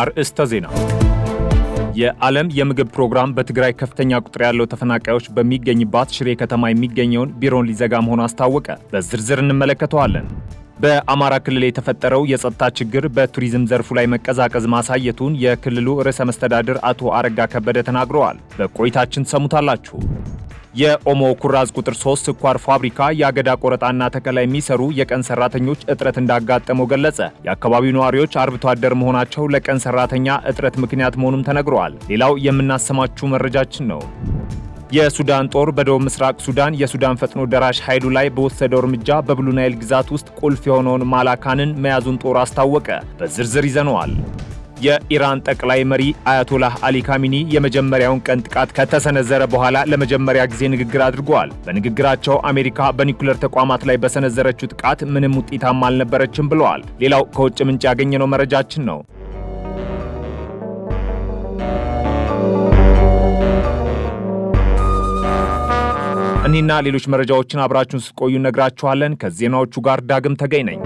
አርእስተ ዜና የዓለም የምግብ ፕሮግራም በትግራይ ከፍተኛ ቁጥር ያለው ተፈናቃዮች በሚገኝባት ሽሬ ከተማ የሚገኘውን ቢሮን ሊዘጋ መሆኑ አስታወቀ። በዝርዝር እንመለከተዋለን። በአማራ ክልል የተፈጠረው የጸጥታ ችግር በቱሪዝም ዘርፉ ላይ መቀዛቀዝ ማሳየቱን የክልሉ ርዕሰ መስተዳድር አቶ አረጋ ከበደ ተናግረዋል። በቆይታችን ትሰሙታላችሁ። የኦሞ ኩራዝ ቁጥር 3 ስኳር ፋብሪካ የአገዳ ቆረጣና ተከላ የሚሰሩ የቀን ሰራተኞች እጥረት እንዳጋጠመው ገለጸ። የአካባቢው ነዋሪዎች አርብቶ አደር መሆናቸው ለቀን ሰራተኛ እጥረት ምክንያት መሆኑም ተነግረዋል። ሌላው የምናሰማችሁ መረጃችን ነው። የሱዳን ጦር በደቡብ ምስራቅ ሱዳን የሱዳን ፈጥኖ ደራሽ ኃይሉ ላይ በወሰደው እርምጃ በብሉ ናይል ግዛት ውስጥ ቁልፍ የሆነውን ማላካንን መያዙን ጦር አስታወቀ። በዝርዝር ይዘነዋል። የኢራን ጠቅላይ መሪ አያቶላህ አሊ ካሚኒ የመጀመሪያውን ቀን ጥቃት ከተሰነዘረ በኋላ ለመጀመሪያ ጊዜ ንግግር አድርገዋል። በንግግራቸው አሜሪካ በኒኩለር ተቋማት ላይ በሰነዘረችው ጥቃት ምንም ውጤታማ አልነበረችም ብለዋል። ሌላው ከውጭ ምንጭ ያገኘነው መረጃችን ነው። እኒና ሌሎች መረጃዎችን አብራችሁን ስትቆዩ እነግራችኋለን። ከዜናዎቹ ጋር ዳግም ተገኝ ነኝ።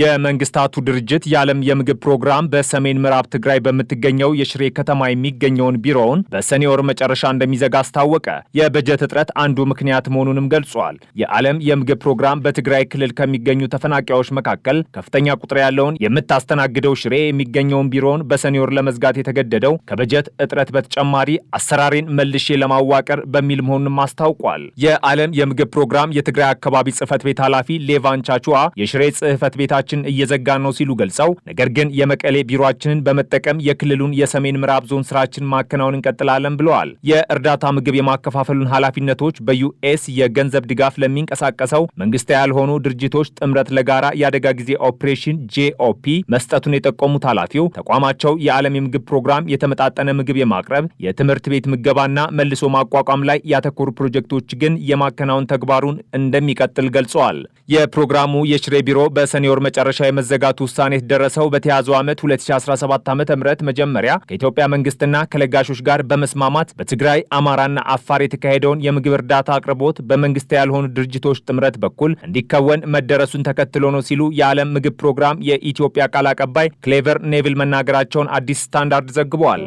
የመንግስታቱ ድርጅት የዓለም የምግብ ፕሮግራም በሰሜን ምዕራብ ትግራይ በምትገኘው የሽሬ ከተማ የሚገኘውን ቢሮውን በሰኔ ወር መጨረሻ እንደሚዘጋ አስታወቀ። የበጀት እጥረት አንዱ ምክንያት መሆኑንም ገልጿል። የዓለም የምግብ ፕሮግራም በትግራይ ክልል ከሚገኙ ተፈናቃዮች መካከል ከፍተኛ ቁጥር ያለውን የምታስተናግደው ሽሬ የሚገኘውን ቢሮውን በሰኔ ወር ለመዝጋት የተገደደው ከበጀት እጥረት በተጨማሪ አሰራሬን መልሼ ለማዋቀር በሚል መሆኑንም አስታውቋል። የዓለም የምግብ ፕሮግራም የትግራይ አካባቢ ጽህፈት ቤት ኃላፊ ሌቫን ቻቹዋ የሽሬ ጽህፈት ቤታቸው ቢሮችን እየዘጋ ነው ሲሉ ገልጸው ነገር ግን የመቀሌ ቢሮችንን በመጠቀም የክልሉን የሰሜን ምዕራብ ዞን ስራችን ማከናወን እንቀጥላለን ብለዋል። የእርዳታ ምግብ የማከፋፈሉን ኃላፊነቶች በዩኤስ የገንዘብ ድጋፍ ለሚንቀሳቀሰው መንግስት ያልሆኑ ድርጅቶች ጥምረት ለጋራ የአደጋ ጊዜ ኦፕሬሽን ጄኦፒ መስጠቱን የጠቆሙት ኃላፊው ተቋማቸው የዓለም የምግብ ፕሮግራም የተመጣጠነ ምግብ የማቅረብ የትምህርት ቤት ምገባና መልሶ ማቋቋም ላይ ያተኮሩ ፕሮጀክቶች ግን የማከናወን ተግባሩን እንደሚቀጥል ገልጸዋል። የፕሮግራሙ የሽሬ ቢሮ በሰኔ ወር መጨረሻ የመዘጋቱ ውሳኔ የተደረሰው በተያዘው ዓመት 2017 ዓ ም መጀመሪያ ከኢትዮጵያ መንግስትና ከለጋሾች ጋር በመስማማት በትግራይ አማራና አፋር የተካሄደውን የምግብ እርዳታ አቅርቦት በመንግስት ያልሆኑ ድርጅቶች ጥምረት በኩል እንዲከወን መደረሱን ተከትሎ ነው ሲሉ የዓለም ምግብ ፕሮግራም የኢትዮጵያ ቃል አቀባይ ክሌቨር ኔቪል መናገራቸውን አዲስ ስታንዳርድ ዘግቧል።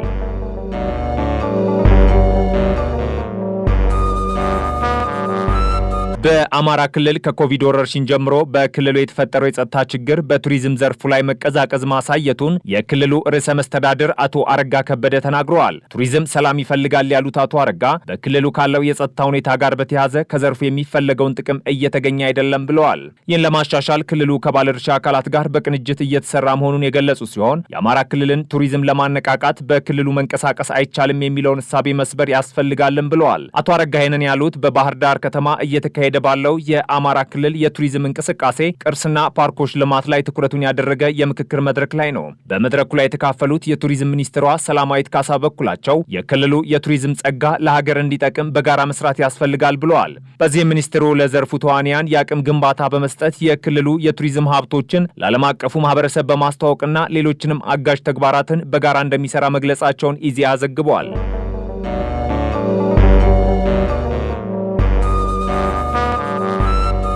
በአማራ ክልል ከኮቪድ ወረርሽኝ ጀምሮ በክልሉ የተፈጠረው የጸጥታ ችግር በቱሪዝም ዘርፉ ላይ መቀዛቀዝ ማሳየቱን የክልሉ ርዕሰ መስተዳድር አቶ አረጋ ከበደ ተናግረዋል። ቱሪዝም ሰላም ይፈልጋል ያሉት አቶ አረጋ በክልሉ ካለው የጸጥታ ሁኔታ ጋር በተያያዘ ከዘርፉ የሚፈለገውን ጥቅም እየተገኘ አይደለም ብለዋል። ይህን ለማሻሻል ክልሉ ከባለድርሻ አካላት ጋር በቅንጅት እየተሰራ መሆኑን የገለጹ ሲሆን የአማራ ክልልን ቱሪዝም ለማነቃቃት በክልሉ መንቀሳቀስ አይቻልም የሚለውን እሳቤ መስበር ያስፈልጋልን ብለዋል። አቶ አረጋ ይህንን ያሉት በባህር ዳር ከተማ እየተካሄደ ባለው የአማራ ክልል የቱሪዝም እንቅስቃሴ ቅርስና ፓርኮች ልማት ላይ ትኩረቱን ያደረገ የምክክር መድረክ ላይ ነው። በመድረኩ ላይ የተካፈሉት የቱሪዝም ሚኒስትሯ ሰላማዊት ካሳ በኩላቸው የክልሉ የቱሪዝም ጸጋ ለሀገር እንዲጠቅም በጋራ መስራት ያስፈልጋል ብለዋል። በዚህ ሚኒስትሩ ለዘርፉ ተዋንያን የአቅም ግንባታ በመስጠት የክልሉ የቱሪዝም ሀብቶችን ለዓለም አቀፉ ማህበረሰብ በማስተዋወቅና ሌሎችንም አጋዥ ተግባራትን በጋራ እንደሚሰራ መግለጻቸውን ኢዜአ ዘግቧል።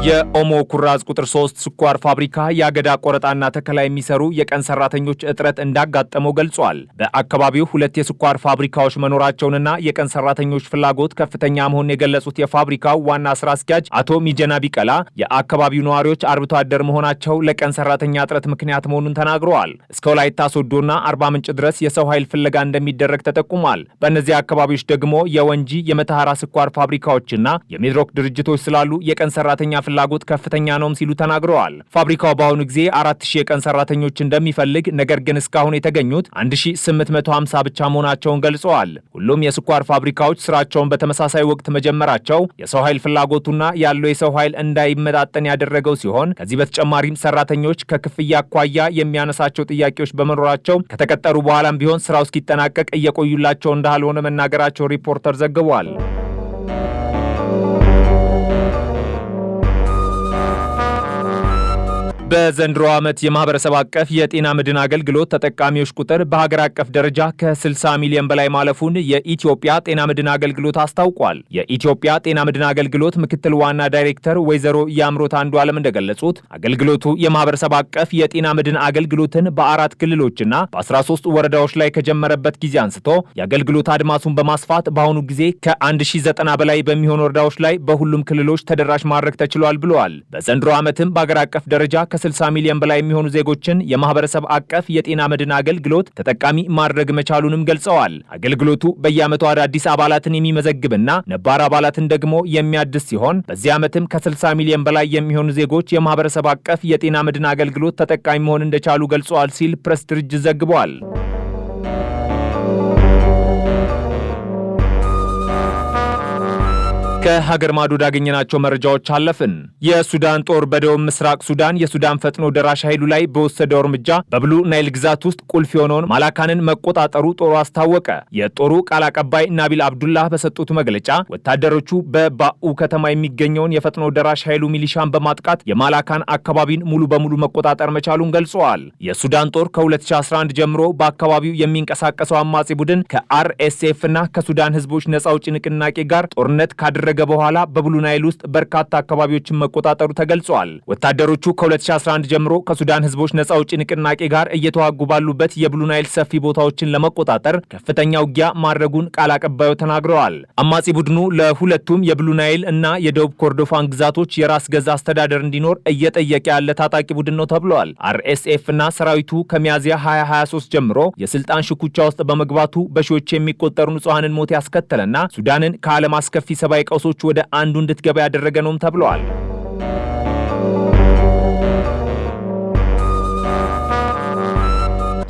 የኦሞ ኩራዝ ቁጥር 3 ስኳር ፋብሪካ የአገዳ ቆረጣና ተከላ የሚሰሩ የቀን ሰራተኞች እጥረት እንዳጋጠመው ገልጿል። በአካባቢው ሁለት የስኳር ፋብሪካዎች መኖራቸውንና የቀን ሰራተኞች ፍላጎት ከፍተኛ መሆኑን የገለጹት የፋብሪካው ዋና ስራ አስኪያጅ አቶ ሚጀና ቢቀላ የአካባቢው ነዋሪዎች አርብቶ አደር መሆናቸው ለቀን ሰራተኛ እጥረት ምክንያት መሆኑን ተናግረዋል። እስከ ወላይታ ሶዶና አርባ ምንጭ ድረስ የሰው ኃይል ፍለጋ እንደሚደረግ ተጠቁሟል። በእነዚህ አካባቢዎች ደግሞ የወንጂ የመተሐራ ስኳር ፋብሪካዎችና የሚድሮክ ድርጅቶች ስላሉ የቀን ሰራተኛ ፍላጎት ከፍተኛ ነውም ሲሉ ተናግረዋል። ፋብሪካው በአሁኑ ጊዜ አራት ሺህ የቀን ሰራተኞች እንደሚፈልግ፣ ነገር ግን እስካሁን የተገኙት ሀምሳ ብቻ መሆናቸውን ገልጸዋል። ሁሉም የስኳር ፋብሪካዎች ስራቸውን በተመሳሳይ ወቅት መጀመራቸው የሰው ኃይል ፍላጎቱና ያለው የሰው ኃይል እንዳይመጣጠን ያደረገው ሲሆን ከዚህ በተጨማሪም ሰራተኞች ከክፍያ አኳያ የሚያነሳቸው ጥያቄዎች በመኖራቸው ከተቀጠሩ በኋላም ቢሆን ስራው እስኪጠናቀቅ እየቆዩላቸው እንዳልሆነ መናገራቸው ሪፖርተር ዘግቧል። በዘንድሮ ዓመት የማህበረሰብ አቀፍ የጤና መድን አገልግሎት ተጠቃሚዎች ቁጥር በሀገር አቀፍ ደረጃ ከ60 ሚሊዮን በላይ ማለፉን የኢትዮጵያ ጤና መድን አገልግሎት አስታውቋል። የኢትዮጵያ ጤና መድን አገልግሎት ምክትል ዋና ዳይሬክተር ወይዘሮ የአምሮት አንዱ ዓለም እንደገለጹት አገልግሎቱ የማህበረሰብ አቀፍ የጤና መድን አገልግሎትን በአራት ክልሎችና በ13 ወረዳዎች ላይ ከጀመረበት ጊዜ አንስቶ የአገልግሎት አድማሱን በማስፋት በአሁኑ ጊዜ ከ1090 በላይ በሚሆኑ ወረዳዎች ላይ በሁሉም ክልሎች ተደራሽ ማድረግ ተችሏል ብለዋል። በዘንድሮ ዓመትም በሀገር አቀፍ ደረጃ 60 ሚሊዮን በላይ የሚሆኑ ዜጎችን የማህበረሰብ አቀፍ የጤና መድን አገልግሎት ተጠቃሚ ማድረግ መቻሉንም ገልጸዋል። አገልግሎቱ በየዓመቱ አዳዲስ አባላትን የሚመዘግብና ነባር አባላትን ደግሞ የሚያድስ ሲሆን በዚህ ዓመትም ከ60 ሚሊዮን በላይ የሚሆኑ ዜጎች የማህበረሰብ አቀፍ የጤና መድን አገልግሎት ተጠቃሚ መሆን እንደቻሉ ገልጸዋል ሲል ፕሬስ ድርጅት ዘግቧል። ከሀገር ማዶ ያገኘናቸው መረጃዎች አለፍን። የሱዳን ጦር በደቡብ ምስራቅ ሱዳን የሱዳን ፈጥኖ ደራሽ ኃይሉ ላይ በወሰደው እርምጃ በብሉ ናይል ግዛት ውስጥ ቁልፍ የሆነውን ማላካንን መቆጣጠሩ ጦሩ አስታወቀ። የጦሩ ቃል አቀባይ ናቢል አብዱላህ በሰጡት መግለጫ ወታደሮቹ በባኡ ከተማ የሚገኘውን የፈጥኖ ደራሽ ኃይሉ ሚሊሻን በማጥቃት የማላካን አካባቢን ሙሉ በሙሉ መቆጣጠር መቻሉን ገልጸዋል። የሱዳን ጦር ከ2011 ጀምሮ በአካባቢው የሚንቀሳቀሰው አማጺ ቡድን ከአርኤስኤፍ እና ከሱዳን ህዝቦች ነጻ አውጪ ንቅናቄ ጋር ጦርነት ካደረገ ካደረገ በኋላ በብሉ ናይል ውስጥ በርካታ አካባቢዎችን መቆጣጠሩ ተገልጿል። ወታደሮቹ ከ2011 ጀምሮ ከሱዳን ህዝቦች ነጻ አውጪ ንቅናቄ ጋር እየተዋጉ ባሉበት የብሉ ናይል ሰፊ ቦታዎችን ለመቆጣጠር ከፍተኛ ውጊያ ማድረጉን ቃል አቀባዩ ተናግረዋል። አማጺ ቡድኑ ለሁለቱም የብሉ ናይል እና የደቡብ ኮርዶፋን ግዛቶች የራስ ገዛ አስተዳደር እንዲኖር እየጠየቀ ያለ ታጣቂ ቡድን ነው ተብለዋል። አርኤስኤፍ እና ሰራዊቱ ከሚያዝያ 2023 ጀምሮ የስልጣን ሽኩቻ ውስጥ በመግባቱ በሺዎች የሚቆጠሩ ንጹሐንን ሞት ያስከተለና ሱዳንን ከዓለም አስከፊ ሰብአዊ ቀውስ ኳሶች ወደ አንዱ እንድትገባ ያደረገ ነውም ተብለዋል።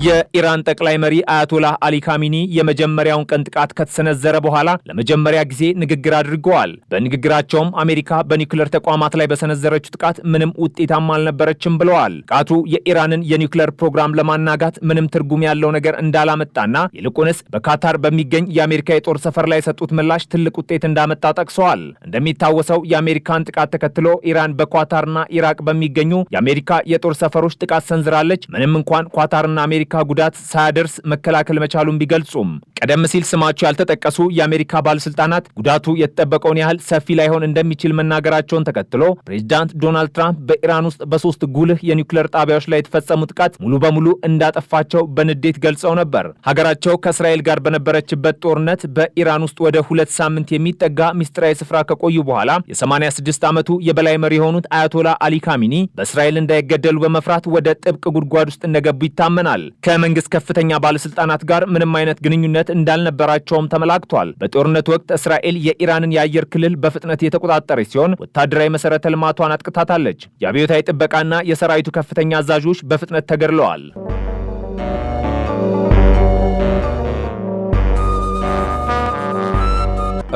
የኢራን ጠቅላይ መሪ አያቶላህ አሊ ካሚኒ የመጀመሪያውን ቀን ጥቃት ከተሰነዘረ በኋላ ለመጀመሪያ ጊዜ ንግግር አድርገዋል። በንግግራቸውም አሜሪካ በኒውክለር ተቋማት ላይ በሰነዘረችው ጥቃት ምንም ውጤታማ አልነበረችም ብለዋል። ጥቃቱ የኢራንን የኒውክለር ፕሮግራም ለማናጋት ምንም ትርጉም ያለው ነገር እንዳላመጣና ይልቁንስ በካታር በሚገኝ የአሜሪካ የጦር ሰፈር ላይ የሰጡት ምላሽ ትልቅ ውጤት እንዳመጣ ጠቅሰዋል። እንደሚታወሰው የአሜሪካን ጥቃት ተከትሎ ኢራን በኳታርና ኢራቅ በሚገኙ የአሜሪካ የጦር ሰፈሮች ጥቃት ሰንዝራለች። ምንም እንኳን ኳታርና አሜሪካ የአሜሪካ ጉዳት ሳያደርስ መከላከል መቻሉን ቢገልጹም ቀደም ሲል ስማቸው ያልተጠቀሱ የአሜሪካ ባለስልጣናት ጉዳቱ የተጠበቀውን ያህል ሰፊ ላይሆን እንደሚችል መናገራቸውን ተከትሎ ፕሬዚዳንት ዶናልድ ትራምፕ በኢራን ውስጥ በሶስት ጉልህ የኒውክሌር ጣቢያዎች ላይ የተፈጸሙ ጥቃት ሙሉ በሙሉ እንዳጠፋቸው በንዴት ገልጸው ነበር። ሀገራቸው ከእስራኤል ጋር በነበረችበት ጦርነት በኢራን ውስጥ ወደ ሁለት ሳምንት የሚጠጋ ሚስጥራዊ ስፍራ ከቆዩ በኋላ የ86 ዓመቱ የበላይ መሪ የሆኑት አያቶላ አሊ ካሚኒ በእስራኤል እንዳይገደሉ በመፍራት ወደ ጥብቅ ጉድጓድ ውስጥ እንደገቡ ይታመናል። ከመንግስት ከፍተኛ ባለስልጣናት ጋር ምንም አይነት ግንኙነት እንዳልነበራቸውም ተመላክቷል። በጦርነት ወቅት እስራኤል የኢራንን የአየር ክልል በፍጥነት የተቆጣጠረች ሲሆን ወታደራዊ መሰረተ ልማቷን አጥቅታታለች። የአብዮታዊ ጥበቃና የሰራዊቱ ከፍተኛ አዛዦች በፍጥነት ተገድለዋል።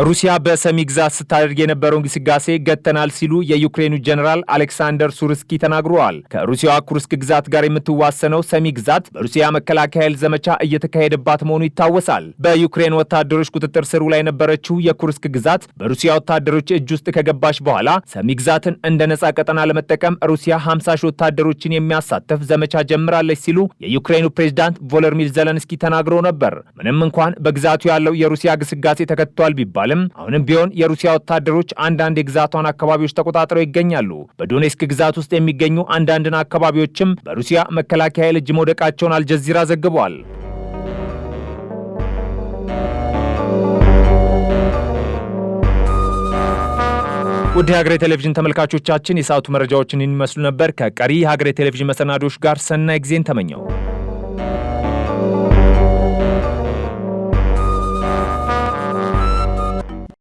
ሩሲያ በሰሚ ግዛት ስታደርግ የነበረውን ግስጋሴ ገተናል ሲሉ የዩክሬኑ ጀኔራል አሌክሳንደር ሱርስኪ ተናግረዋል። ከሩሲያዋ ኩርስክ ግዛት ጋር የምትዋሰነው ሰሚ ግዛት በሩሲያ መከላከያ ኃይል ዘመቻ እየተካሄደባት መሆኑ ይታወሳል። በዩክሬን ወታደሮች ቁጥጥር ስሩ ላይ የነበረችው የኩርስክ ግዛት በሩሲያ ወታደሮች እጅ ውስጥ ከገባች በኋላ ሰሚ ግዛትን እንደ ነጻ ቀጠና ለመጠቀም ሩሲያ 50 ሺህ ወታደሮችን የሚያሳተፍ ዘመቻ ጀምራለች ሲሉ የዩክሬኑ ፕሬዚዳንት ቮሎዲሚር ዘለንስኪ ተናግረው ነበር። ምንም እንኳን በግዛቱ ያለው የሩሲያ ግስጋሴ ተከትቷል ቢባል ተደርጓልም። አሁንም ቢሆን የሩሲያ ወታደሮች አንዳንድ የግዛቷን አካባቢዎች ተቆጣጥረው ይገኛሉ። በዶኔስክ ግዛት ውስጥ የሚገኙ አንዳንድን አካባቢዎችም በሩሲያ መከላከያ ኃይል እጅ መውደቃቸውን አልጀዚራ ዘግቧል። ውድ የሀገሬ ቴሌቪዥን ተመልካቾቻችን የሰዓቱ መረጃዎችን ይመስሉ ነበር። ከቀሪ የሀገሬ ቴሌቪዥን መሰናዶች ጋር ሰናይ ጊዜን ተመኘው።